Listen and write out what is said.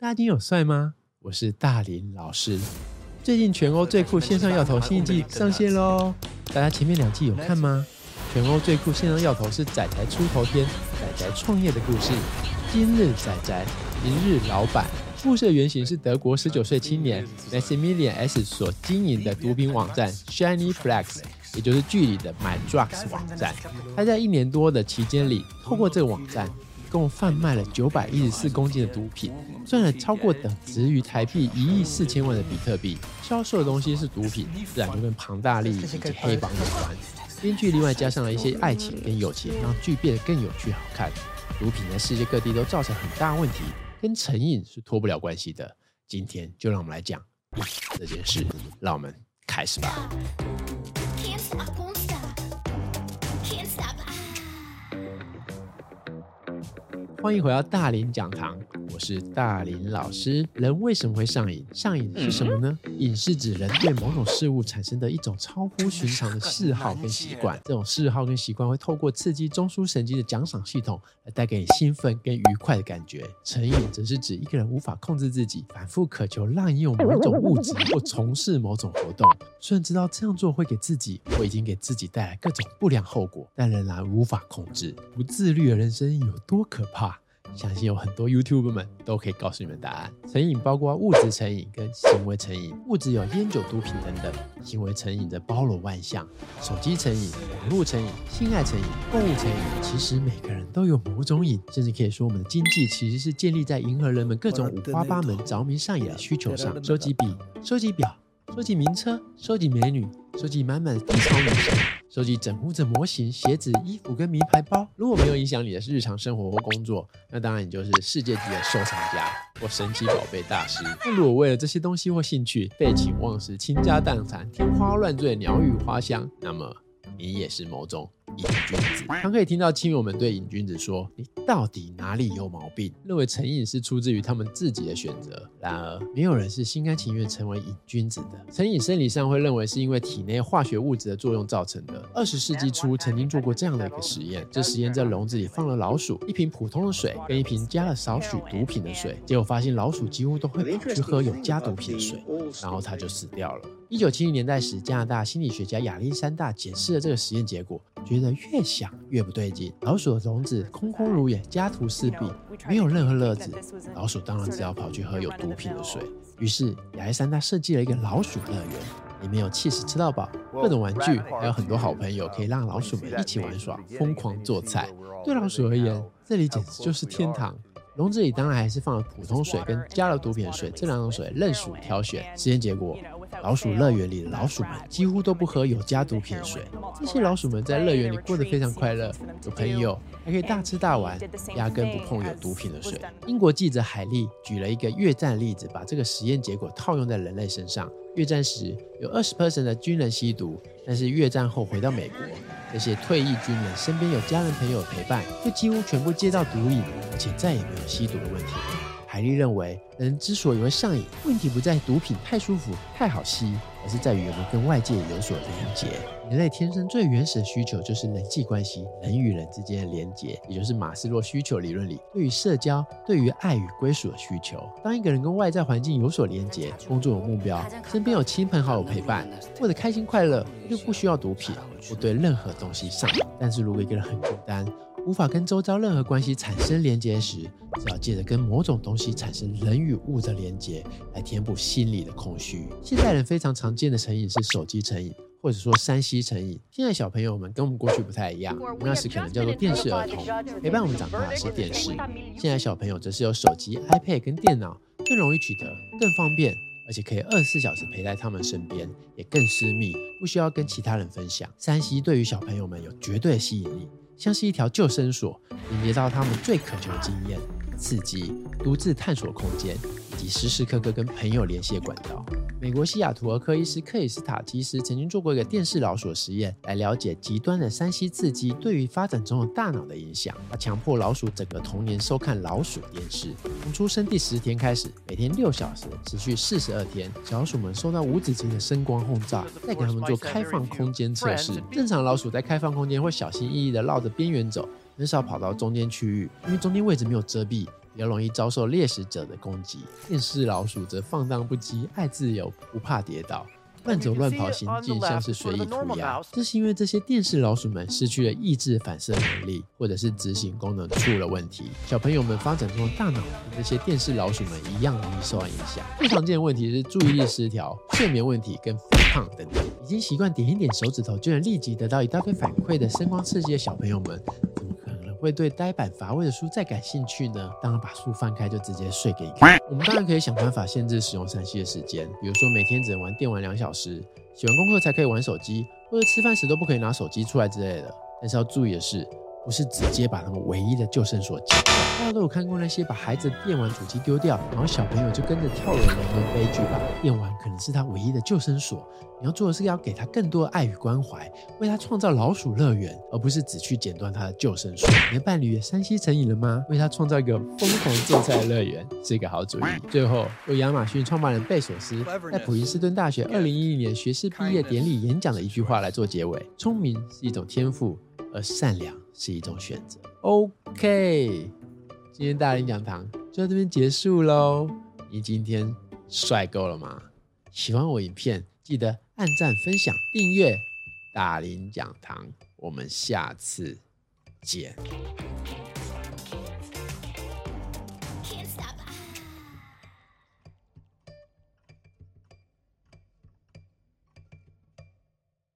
大家今天有帥嗎？我是大林老師。最近全歐最酷線上藥頭新一季上線嘍！大家前面兩季有看嗎？全歐最酷線上藥頭是宅宅出頭天，宅宅創業的故事。今日宅宅，明日老闆，故事的原型是德國十九歲青年 Maximilian S. 所經營的毒品網站 Shiny Flakes，也就是劇裡的 My Drugs 網站。他在一年多的期間裡，透過這個網站，共販賣了九百一十四公斤的毒品，賺了超過等值於台幣一億四千萬的比特幣。銷售的東西是毒品，自然就跟龐大利益以及黑幫有關。編劇另外加上了一些愛情跟友情，讓劇變得更有趣好看。毒品在世界各地都造成很大問題，跟成癮是脫不了關係的。今天就讓我們來講這件事，讓我們開始吧。歡迎回到大林講堂。我是大林老師。人為什麼會上癮？上癮是什麼呢？癮、嗯、是指人對某種事物產生的一種超乎尋常的嗜好跟習慣。 耶這種嗜好跟習慣會透過刺激中樞神經的獎賞系統，來帶給你興奮跟愉快的感覺。成癮則是指一個人無法控制自己，反覆渴求濫用某種物質或從事某種活動。雖然知道這樣做會給自己，或已經給自己帶來各種不良後果，但仍然無法控制。不自律的人生有多可怕？相信有很多 YouTuber 們都可以告訴你們答案。成癮包括物質成癮跟行為成癮，物質有煙酒毒品等等，行為成癮的包羅萬象：手機成癮、網絡成癮、性愛成癮、購物成癮。其實每個人都有某種癮，甚至可以說我們的經濟其實是建立在迎合人們各種五花八門、着迷上癮的需求上。收集筆，收集表。收集名車，收集美女，收集滿滿的低潮人生，收集整屋子模型、鞋子、衣服跟名牌包。如果沒有影響你的日常生活或工作，那當然你就是世界級的收藏家或神奇寶貝大師。但如果為了這些東西或興趣，廢寢忘食、傾家蕩產、天花亂墜、鳥語花香，那麼你也是某種癮君子。常可以聽到親友們對癮君子說：“你。”到底哪裡有毛病？認為成癮是出自於他們自己的選擇。然而，沒有人是心甘情願成為癮君子的。成癮生理上會認為是因為體內化學物質的作用造成的。二十世紀初曾經做過這樣的一個實驗，這實驗在籠子裡放了老鼠，一瓶普通的水跟一瓶加了少許毒品的水，結果發現老鼠幾乎都會跑去喝有加毒品的水，然後它就死掉了。一九七零年代時，加拿大心理學家亞歷山大解釋了這個實驗結果，覺得越想越不對勁。老鼠的籠子空空如也，家徒四壁，沒有任何樂子。老鼠當然只好跑去喝有毒品的水。於是亞歷山大設計了一個老鼠樂園，裡面有起司吃到飽，各種玩具，還有很多好朋友，可以讓老鼠們一起玩耍、瘋狂做菜。對老鼠而言，這裡簡直就是天堂。籠子裡當然還是放了普通水跟加了毒品的水，這兩種水任鼠挑選。實驗結果。老鼠樂園裡的老鼠們幾乎都不喝有加毒品的水。這些老鼠們在樂園裡過得非常快樂，有朋友，還可以大吃大玩，壓根不碰有毒品的水。英國記者海利舉了一個越戰例子，把這個實驗結果套用在人類身上。越戰時有20%的軍人吸毒，但是越戰後回到美國，這些退役軍人身邊有家人朋友的陪伴，就幾乎全部戒掉毒癮，而且再也沒有吸毒的問題。海利認為，人之所以會上癮，問題不在毒品太舒服、太好吸，而是在於我們跟外界有所連接。人類天生最原始的需求就是人際關係，人與人之間的連接，也就是馬斯洛需求理論裡對於社交、對於愛與歸屬的需求。當一個人跟外在環境有所連接，工作有目標，身邊有親朋好友陪伴，過得開心快樂，就不需要毒品，不對任何東西上癮。但是如果一個人很孤單，無法跟周遭任何關係產生連接時，只要借着跟某種東西產生人與物的連接，來填補心理的空虛。現代人非常常見的成癮是手機成癮，或者說 3C 成癮。現在小朋友們跟我們過去不太一樣，我們那時可能叫做電視兒童，陪伴我們長大的是電視。現在小朋友則是有手機、iPad 跟電腦，更容易取得，更方便，而且可以二十四小時陪在他們身邊，也更私密，不需要跟其他人分享。3C 對於小朋友們有絕對的吸引力，像是一條救生索，連接到他們最渴求的經驗。刺激、獨自探索空間，以及時時刻刻跟朋友聯繫的管道。美國西雅圖兒科醫師克里斯塔基斯曾經做過一個電視老鼠實驗，來了解極端的 3C 刺激對於發展中的大腦的影響。他強迫老鼠整個童年收看老鼠電視，從出生第十天開始，每天六小時，持續四十二天。小鼠們受到無止境的聲光轟炸，再給他們做開放空間測試。正常老鼠在開放空間會小心翼翼地繞着邊緣走。很少跑到中間區域，因為中間位置沒有遮蔽，比較容易遭受獵食者的攻擊。電視老鼠則放蕩不羈，愛自由，不怕跌倒，亂走亂跑，行進像是隨意塗鴉。這是因為這些電視老鼠們失去了抑制反射能力，或者是執行功能出了問題。小朋友們發展中的大腦和這些電視老鼠們一樣容易受到影響。最常見的問題是注意力失調、睡眠問題跟肥胖等等。已經習慣點一點手指頭就能立即得到一大堆反饋的聲光刺激的小朋友們，嗯會對呆板乏味的書再感興趣呢？當然，把書翻開就直接睡給你看。我們當然可以想辦法限制使用 3C 的時間，比如說每天只能玩電玩兩小時，寫完功課才可以玩手機，或者吃飯時都不可以拿手機出來之類的。但是要注意的是。不是直接把他們唯一的救生索剪掉。大家都有看過那些把孩子的電玩主機丟掉，然後小朋友就跟着跳樓的那悲劇吧？電玩可能是他唯一的救生索。你要做的是要給他更多的愛與關懷，為他創造老鼠樂園，而不是只去剪斷他的救生索。你的伴侶也山西成癮了嗎？為他創造一個瘋狂做菜的樂園是一個好主意。最後，由亞馬遜創辦人貝索斯在普林斯頓大學二零一零年學士畢業典禮演講的一句話來做結尾：聰明是一種天賦，而善良是一種選擇。OK，今天大林講堂就到這邊結束嘍。你今天帥夠了嗎？喜歡我影片，記得按讚、分享、訂閱大林講堂。我們下次見。